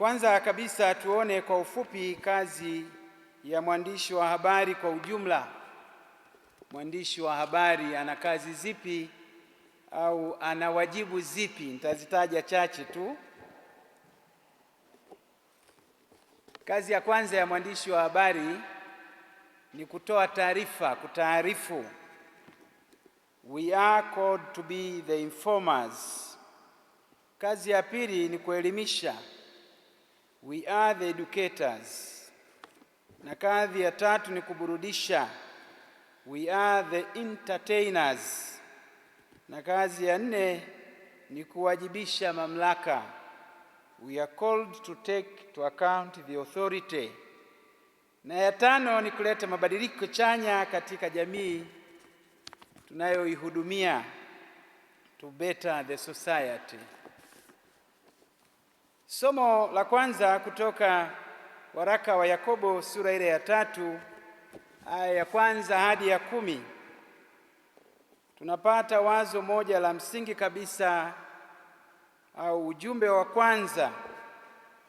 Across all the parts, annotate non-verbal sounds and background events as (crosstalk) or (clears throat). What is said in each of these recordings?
Kwanza kabisa tuone kwa ufupi kazi ya mwandishi wa habari kwa ujumla. Mwandishi wa habari ana kazi zipi au ana wajibu zipi? Nitazitaja chache tu. Kazi ya kwanza ya mwandishi wa habari ni kutoa taarifa, kutaarifu. We are called to be the informers. Kazi ya pili ni kuelimisha we are the educators. Na kadhi ya tatu ni kuburudisha, we are the entertainers. Na kazi ya nne ni kuwajibisha mamlaka, we are called to take to account the authority. Na ya tano ni kuleta mabadiliko chanya katika jamii tunayoihudumia, to better the society. Somo la kwanza kutoka waraka wa Yakobo sura ile ya tatu aya ya kwanza hadi ya kumi tunapata wazo moja la msingi kabisa au ujumbe wa kwanza.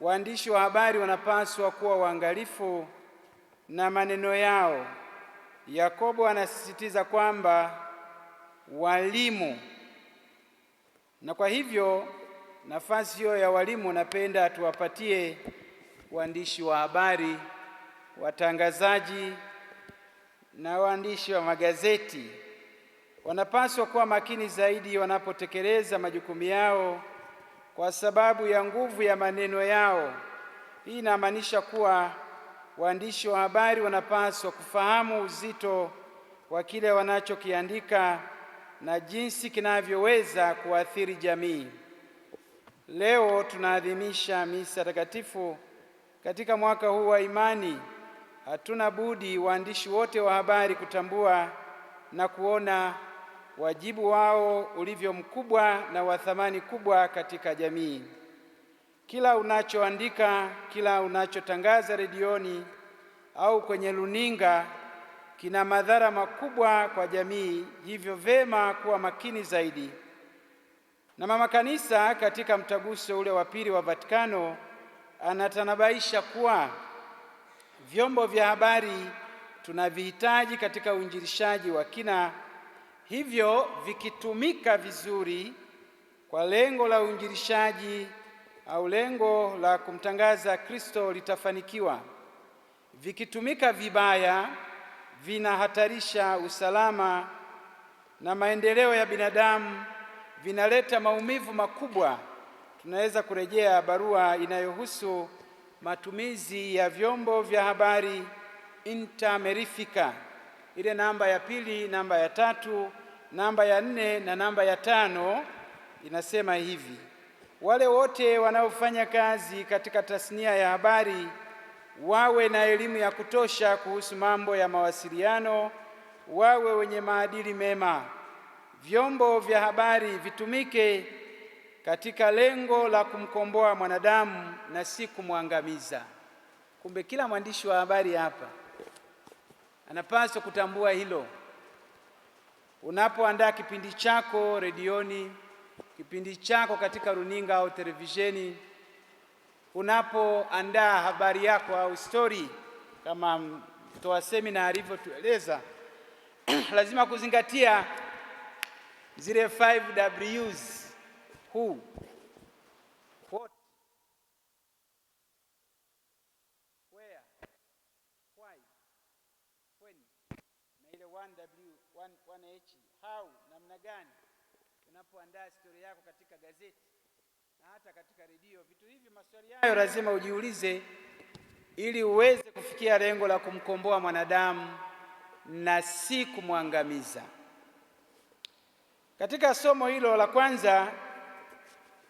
Waandishi wa habari wanapaswa kuwa waangalifu na maneno yao. Yakobo anasisitiza kwamba walimu, na kwa hivyo Nafasi hiyo ya walimu, napenda tuwapatie waandishi wa habari, watangazaji na waandishi wa magazeti. Wanapaswa kuwa makini zaidi wanapotekeleza majukumu yao kwa sababu ya nguvu ya maneno yao. Hii inamaanisha kuwa waandishi wa habari wanapaswa kufahamu uzito wa kile wanachokiandika na jinsi kinavyoweza kuathiri jamii. Leo tunaadhimisha misa takatifu katika mwaka huu wa imani. Hatuna budi waandishi wote wa habari kutambua na kuona wajibu wao ulivyo mkubwa na wa thamani kubwa katika jamii. Kila unachoandika, kila unachotangaza redioni au kwenye runinga kina madhara makubwa kwa jamii, hivyo vema kuwa makini zaidi. Na mama kanisa katika mtaguso ule wa pili wa Vatikano anatanabaisha kuwa vyombo vya habari tunavihitaji katika uinjilishaji wa kina, hivyo vikitumika vizuri kwa lengo la uinjilishaji au lengo la kumtangaza Kristo litafanikiwa. Vikitumika vibaya, vinahatarisha usalama na maendeleo ya binadamu vinaleta maumivu makubwa, tunaweza kurejea barua inayohusu matumizi ya vyombo vya habari intamerifika, ile namba ya pili, namba ya tatu, namba ya nne na namba ya tano. Inasema hivi: wale wote wanaofanya kazi katika tasnia ya habari wawe na elimu ya kutosha kuhusu mambo ya mawasiliano, wawe wenye maadili mema vyombo vya habari vitumike katika lengo la kumkomboa mwanadamu na si kumwangamiza. Kumbe kila mwandishi wa habari hapa anapaswa kutambua hilo. Unapoandaa kipindi chako redioni, kipindi chako katika runinga au televisheni, unapoandaa habari yako au stori, kama mtoa semina alivyotueleza, (clears throat) lazima kuzingatia zile 5 Ws who what where why when na ile 1W 1H how, namna gani unapoandaa story yako katika gazeti na hata katika redio. Vitu hivi maswali hayo lazima ujiulize, ili uweze kufikia lengo la kumkomboa mwanadamu na si kumwangamiza. Katika somo hilo la kwanza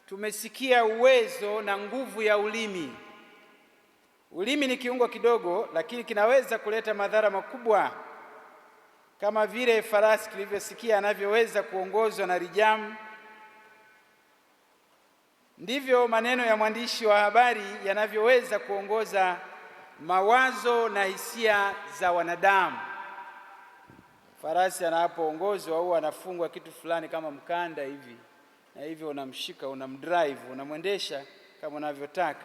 tumesikia uwezo na nguvu ya ulimi. Ulimi ni kiungo kidogo, lakini kinaweza kuleta madhara makubwa, kama vile farasi tulivyosikia anavyoweza kuongozwa na rijamu Ndivyo maneno ya mwandishi wa habari yanavyoweza kuongoza mawazo na hisia za wanadamu farasi anapoongozwa au anafungwa kitu fulani kama mkanda hivi, na hivyo unamshika, unamdrive, unamwendesha kama unavyotaka.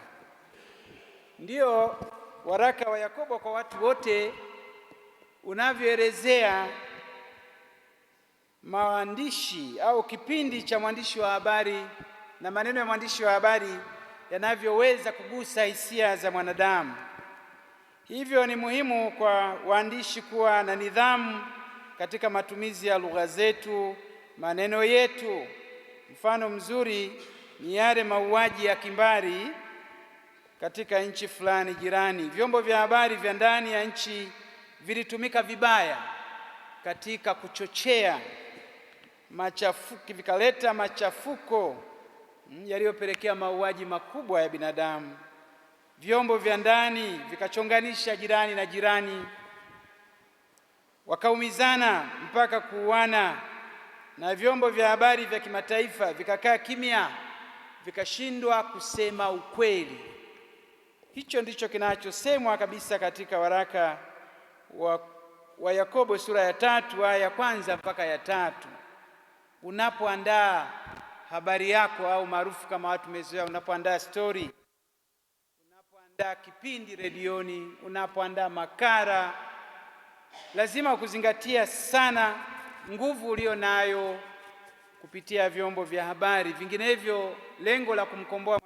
Ndio waraka wa Yakobo kwa watu wote unavyoelezea maandishi au kipindi cha mwandishi wa habari na maneno ya mwandishi wa habari yanavyoweza kugusa hisia za mwanadamu. Hivyo ni muhimu kwa waandishi kuwa na nidhamu katika matumizi ya lugha zetu, maneno yetu. Mfano mzuri ni yale mauaji ya kimbari katika nchi fulani jirani. Vyombo vya habari vya ndani ya nchi vilitumika vibaya katika kuchochea machafuki, vikaleta machafuko yaliyopelekea mauaji makubwa ya binadamu. Vyombo vya ndani vikachonganisha jirani na jirani wakaumizana mpaka kuuana, na vyombo vya habari vya kimataifa vikakaa kimya, vikashindwa kusema ukweli. Hicho ndicho kinachosemwa kabisa katika waraka wa, wa Yakobo sura ya tatu aya ya kwanza mpaka ya tatu. Unapoandaa habari yako au maarufu kama watu mezoea, unapoandaa stori, unapoandaa kipindi redioni, unapoandaa makara lazima kuzingatia sana nguvu ulio nayo kupitia vyombo vya habari, vinginevyo lengo la kumkomboa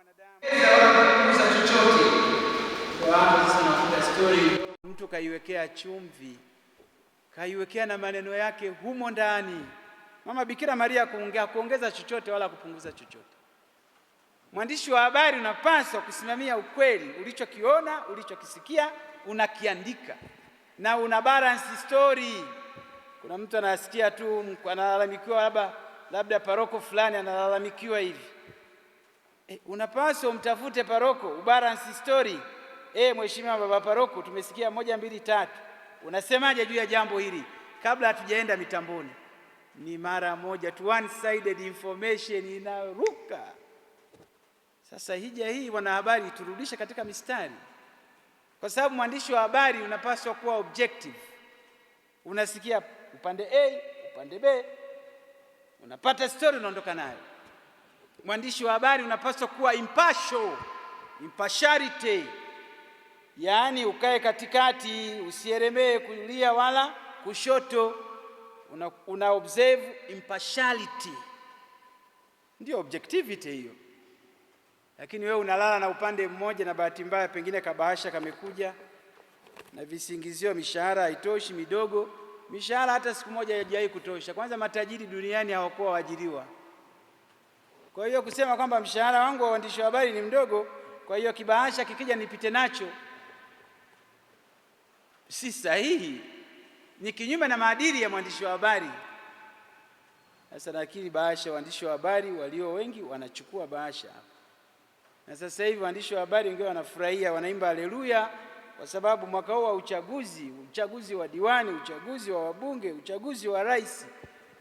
mwanadamu, mtu kaiwekea chumvi, kaiwekea na maneno yake humo ndani. Mama Bikira Maria kuongea kuongeza chochote wala kupunguza chochote. Mwandishi wa habari unapaswa kusimamia ukweli, ulichokiona, ulichokisikia unakiandika na una balance story. Kuna mtu anasikia tu analalamikiwa, labda labda paroko fulani analalamikiwa hivi e, unapaswa umtafute paroko ubalance story. E, mheshimiwa baba paroko, tumesikia moja mbili tatu, unasemaje juu ya jambo hili? Kabla hatujaenda mitamboni, ni mara moja tu one sided information inaruka. Sasa hija hii wanahabari, turudishe katika mistari kwa sababu mwandishi wa habari unapaswa kuwa objective. Unasikia upande A, upande B, unapata story, unaondoka nayo. Mwandishi wa habari unapaswa kuwa impartial, impartiality, yaani ukae katikati, usieremee kulia wala kushoto. Una, una observe impartiality, ndio objectivity hiyo lakini wewe unalala na upande mmoja, na bahati mbaya pengine kabahasha kamekuja na visingizio, mishahara haitoshi, midogo mishahara hata siku moja haijawahi kutosha. Kwanza matajiri duniani hawakuwa waajiriwa. Kwa hiyo kusema kwamba mshahara wangu wa waandishi wa habari ni mdogo, kwa hiyo kibahasha kikija nipite nacho, si sahihi, ni kinyume na maadili ya mwandishi wa habari. Sasa lakini bahasha, waandishi wa habari walio wengi wanachukua bahasha. Na sasa hivi waandishi wa habari wengine wanafurahia, wanaimba haleluya, kwa sababu mwaka huu wa uchaguzi, uchaguzi wa diwani, uchaguzi wa wabunge, uchaguzi wa rais,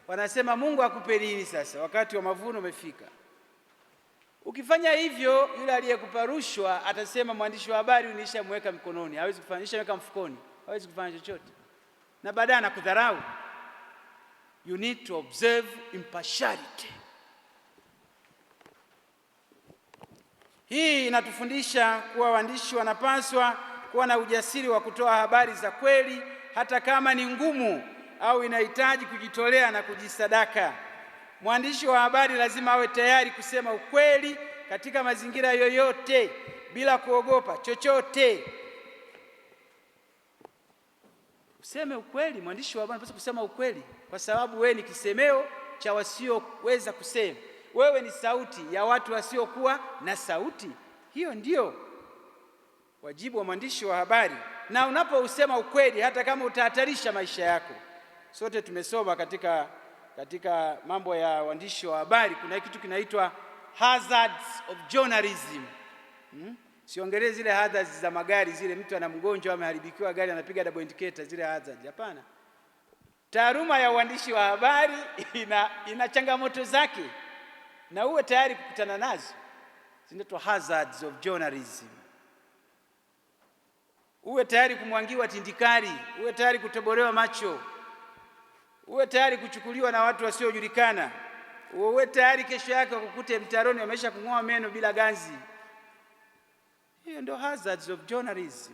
wanasema Mungu akupe hili sasa, wakati wa mavuno umefika. Ukifanya hivyo, yule aliyekupa rushwa atasema, mwandishi wa habari unishamweka mkononi, hawezi kufanya, nishamweka mfukoni, hawezi kufanya chochote, na baadaye anakudharau. You need to observe impartiality. Hii inatufundisha kuwa waandishi wanapaswa kuwa na ujasiri wa kutoa habari za kweli hata kama ni ngumu au inahitaji kujitolea na kujisadaka. Mwandishi wa habari lazima awe tayari kusema ukweli katika mazingira yoyote bila kuogopa chochote. Useme ukweli. Mwandishi wa habari anapaswa kusema ukweli, kwa sababu wewe ni kisemeo cha wasioweza kusema wewe ni sauti ya watu wasiokuwa na sauti. Hiyo ndio wajibu wa mwandishi wa habari, na unapousema ukweli, hata kama utahatarisha maisha yako. Sote tumesoma katika, katika mambo ya waandishi wa habari kuna kitu kinaitwa hazards of journalism hmm? Siongelee zile hazards za magari, zile mtu ana mgonjwa ameharibikiwa gari anapiga double indicator, zile hazards, hapana. Taaluma ya uandishi wa habari (laughs) ina, ina changamoto zake na uwe tayari kukutana nazo, zinaitwa hazards of journalism. Uwe tayari kumwangiwa tindikari, uwe tayari kutobolewa macho, uwe tayari kuchukuliwa na watu wasiojulikana, uwe tayari kesho yake wakukute mtaroni wameisha kung'oa meno bila ganzi. Hiyo ndio hazards of journalism.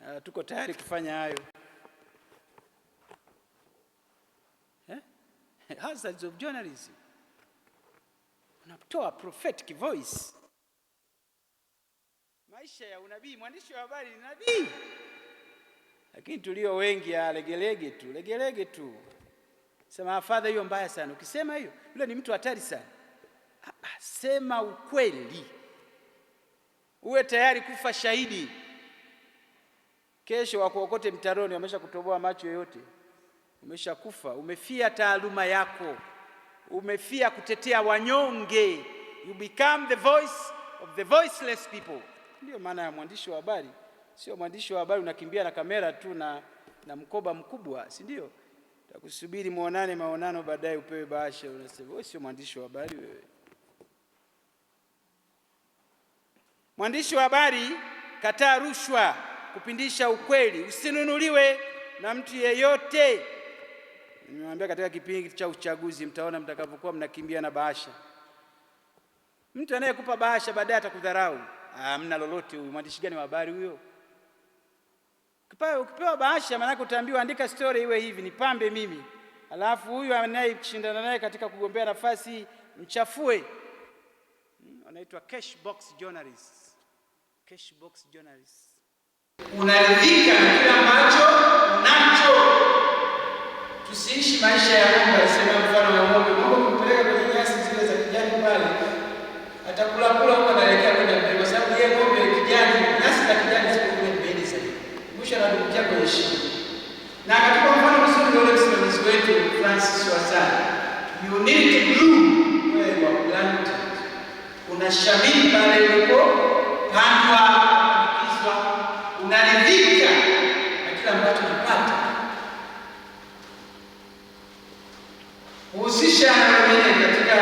Uh, tuko tayari kufanya hayo. hazards of journalism. Unatoa prophetic voice. Maisha ya unabii, mwandishi wa habari ni nabii, lakini tulio wengi ya ah, legelege tu legelege tu, sema afadha ah, hiyo mbaya sana. Ukisema hiyo, yule ni mtu hatari sana. Ah, sema ukweli, uwe tayari kufa shahidi. Kesho wakuokote mtaroni, wamesha kutoboa macho yote. Umeshakufa, umefia taaluma yako, umefia kutetea wanyonge. You become the voice of the voiceless people. Ndiyo maana ya mwandishi wa habari. Sio mwandishi wa habari unakimbia na kamera tu na, na mkoba mkubwa, si ndio? Takusubiri muonane maonano, baadaye upewe bahasha. Unasema wewe sio mwandishi wa habari wewe. Mwandishi wa habari, kataa rushwa, kupindisha ukweli, usinunuliwe na mtu yeyote. Nimewaambia katika kipindi cha uchaguzi mtaona mtakapokuwa mnakimbia na bahasha. Mtu anayekupa bahasha baadaye atakudharau, mna lolote. Huyu mwandishi gani wa habari huyo? Ukipewa bahasha, maanake utaambiwa andika story iwe hivi, nipambe mimi, alafu huyu anayeshindana naye katika kugombea nafasi mchafue. Wanaitwa hmm, cash box journalists. Cash box journalists. Unaridhika Usiishi maisha ya ng'ombe, alisema mfano wa ng'ombe. Ng'ombe kumpeleka kwenye nyasi zile za kijani pale, atakula kula huko, anaelekea kwenda mbele, kwa sababu yeye ng'ombe kijani, nyasi za kijani ziko kule mbele zaidi, mwisho anadukia kwenye shimo. Na akatupa mfano mzuri ule msimamizi wetu Francis wa sana, you need to bloom where you are planted, unashamiri pale ulipo pandwa, unakizwa, unali kushirikishana wengine katika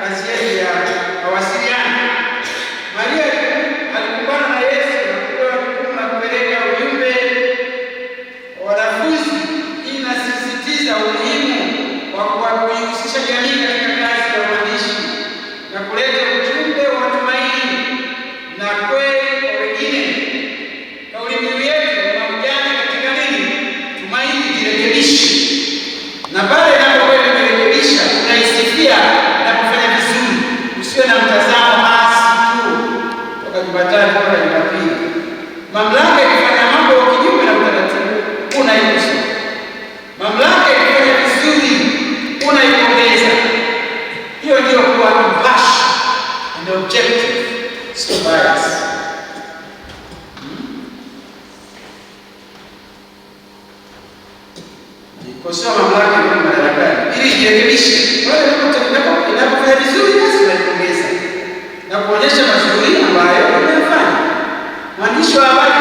kazi yetu ya mawasiliano. Maria alikutana na Yesu na kupewa jukumu la kupeleka ujumbe wanafunzi. Hii inasisitiza umuhimu wa kuihusisha jamii katika kazi ya uandishi na kuleta ujumbe wa matumaini na kweli kwa wengine. Kauli mbiu yetu na ujana katika nini? Tumaini jirekebishe na pale na shughuli ambayo amefanya mwandishi wa habari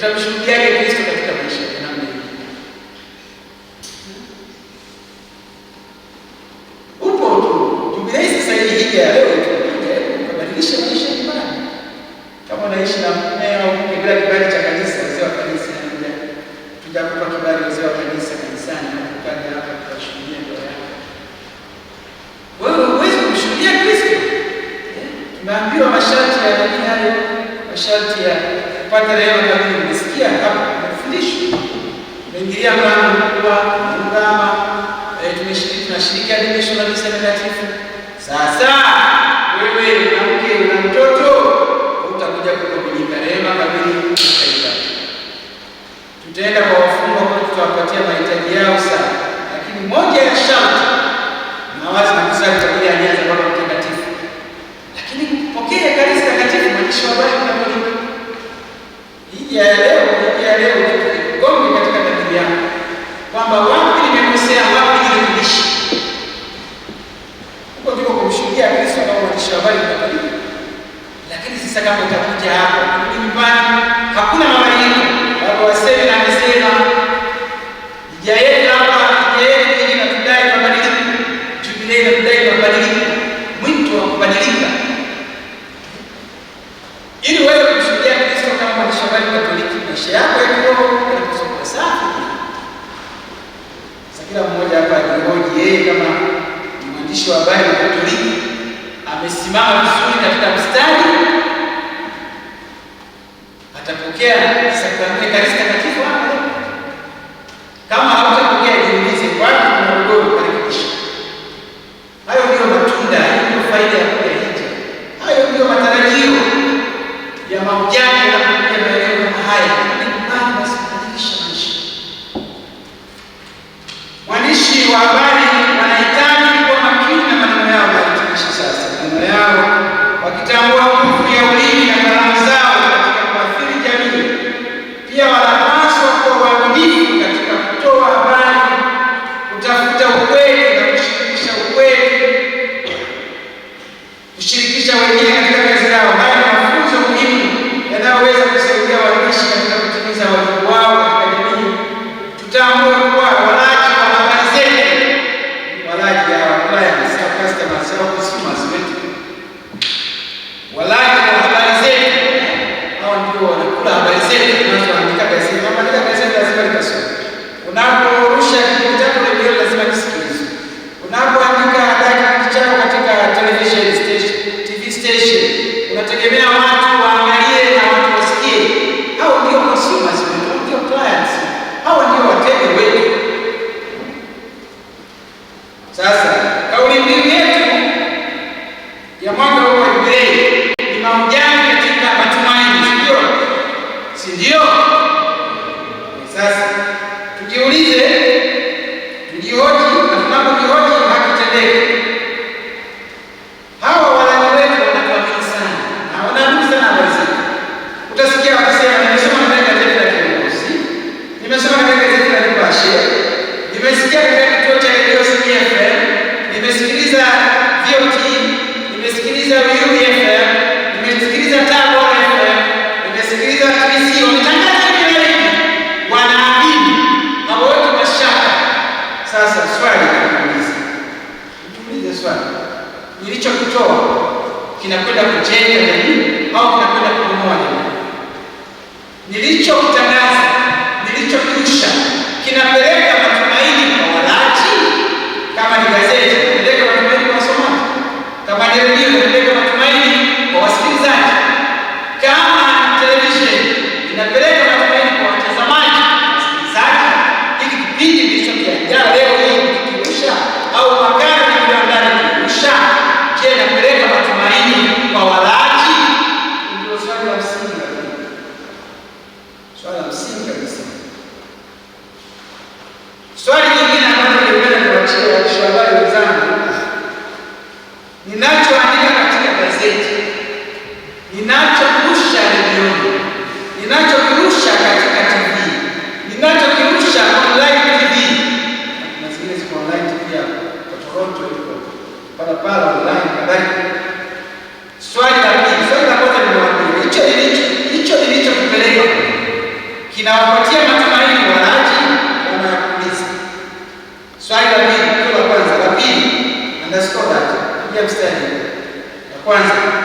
Tutamshuhudiaje? kuingilia mlango mkubwa mkama eh, tumeshiriki, tunashiriki adhimisho la misa takatifu. Sasa wewe na mke na mtoto, utakuja kukumbuka neema kamili. Tutaenda kwa wafungwa, tutawapatia mahitaji yao. kuingia Kristo kama mwandishi wa habari mtakatifu. Lakini sasa kama utakuja hapo nyumbani, hakuna mabadiliko, baba waseme amesema kushirikisha wengine katika kinakwenda kujenga nini au kinakwenda kubomoa nini. Nilichokutangaza kinawapatia matumaini wananchi wanayokuuliza. Swali la pili, la kwanza, la pili, andasikoa, piga mstari la kwanza